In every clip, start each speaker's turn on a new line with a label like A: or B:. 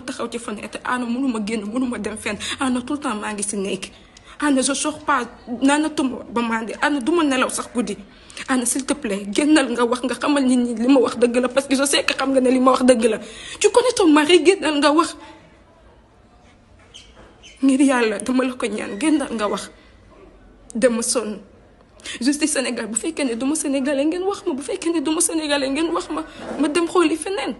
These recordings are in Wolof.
A: taxaw ci fan fenêtre ana mënuma génn mënuma dem fen ana tout le temps maa ngi si nekk ana je sors pas naana tumb ba mandi ana du ma nelaw sax guddi ana s'il te plaît génnal nga wax nga xamal nit ñi li ma wax dëgg la parce que je sais que xam nga ne li ma wax dëgg la tu connais ton mari génnal nga wax ngir yàlla dama la ko ñaan génnal nga wax dama sonn justice Sénégal bu fekkee ne du ma sénégalais ngeen wax ma bu fekkee ne du ma sénégalais ngeen wax ma ma dem xooli feneen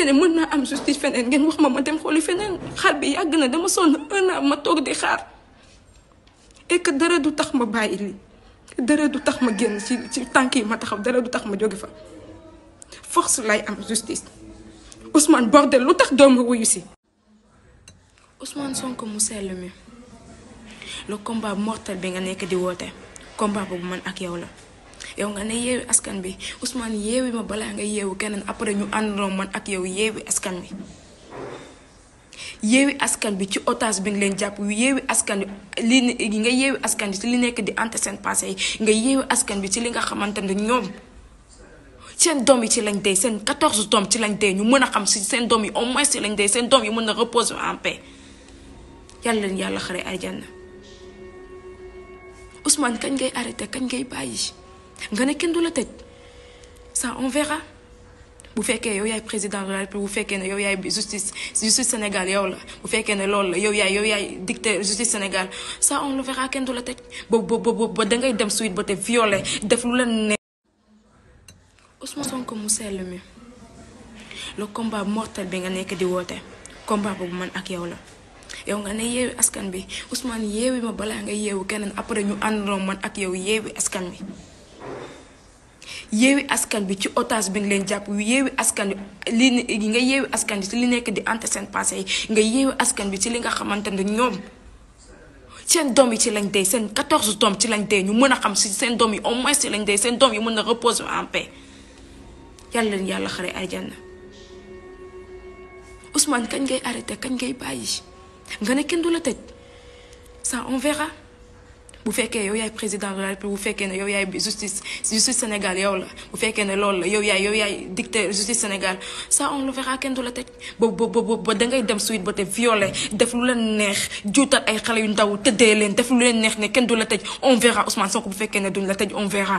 A: fekkee mën naa am justice ngeen wax ma ma dem xooli feneen xar bi yàgg na dama sonn un an ma toog di xaar et que du tax ma bàyyi du tax ma génn ci ci tànk yi ma taxaw dara tax ma jóge fa force lay am justice Ousmane bordel lu tax doomu wuyu si. Ousmane sonk mu sell mi le combat mortel bi nga nekk di woote combat boobu man ak yow la. yow nga ne yeewi askan bi Ousmane yeewi ma balaa nga yeewu keneen après ñu àndandoo man ak yow yeewi askan bi yeewi askan bi ci otage bi nga leen jàpp yeewi askan bi li nga yeewi askan li nekk di ante seen passé yi nga yeewi askan bi ci li nga xamante ne ñoom seen doom yi ci lañ dee seen 14 doom ci lañ dee ñu mën a xam si seen doom yi au moins ci lañ dee seen doom yi mën a reposer en paix yàlla leen yàlla xare àjjana Ousmane kañ ngay arrêté kañ ngay bàyyi. nga ne kenn du la tëj sa on verra bu fekkee yow yaay président de la république bu fekkee ne yow yaay justice justice Sénégal yow la bu fekkee ne loolu la yow yaay yow yaay dicté justice Sénégal sa on le kenn du la tëj ba ba ba da dem suite ba te violé def lu la ne Ousmane Sonko mu sell mi le combat mortel bi nga nekk di woote combat boobu man ak yow la yow nga ne yeewi askan bi Ousmane yeewi ma balaa ngay yeewu keneen après ñu àndandoo man ak yow yeewi askan yeewi askan bi ci otage bi nga leen jàpp yeewi askan bi li nga yeewi askan bi li nekk di ante seen passé yi nga yeewi askan bi ci li nga xamante ne ñoom seen doom yi ci lañ dee seen 14 doom ci lañ dee ñu mën a xam si seen doom yi au moins ci lañ dee seen doom yi mën a reposer en paix yàlla leen yàlla xare aljanna Ousmane kañ ngay arrêté kañ ngay bàyyi nga ne kenn du la tëj ça on bu fekkee yow yaay président de la république bu fekkee ne yow yaay justice justice Sénégal yow la bu fekkee ne loolu la yow yaay yow yaay dictateur justice Sénégal ça on le verra kenn du la tëj ba ba ba dangay dem suite ba te violé def lu leen neex juutal ay xale yu ndaw tëddee leen def lu leen neex ne kenn du la tëj on verra Ousmane Sonko bu fekkee ne duñ la tëj on verra.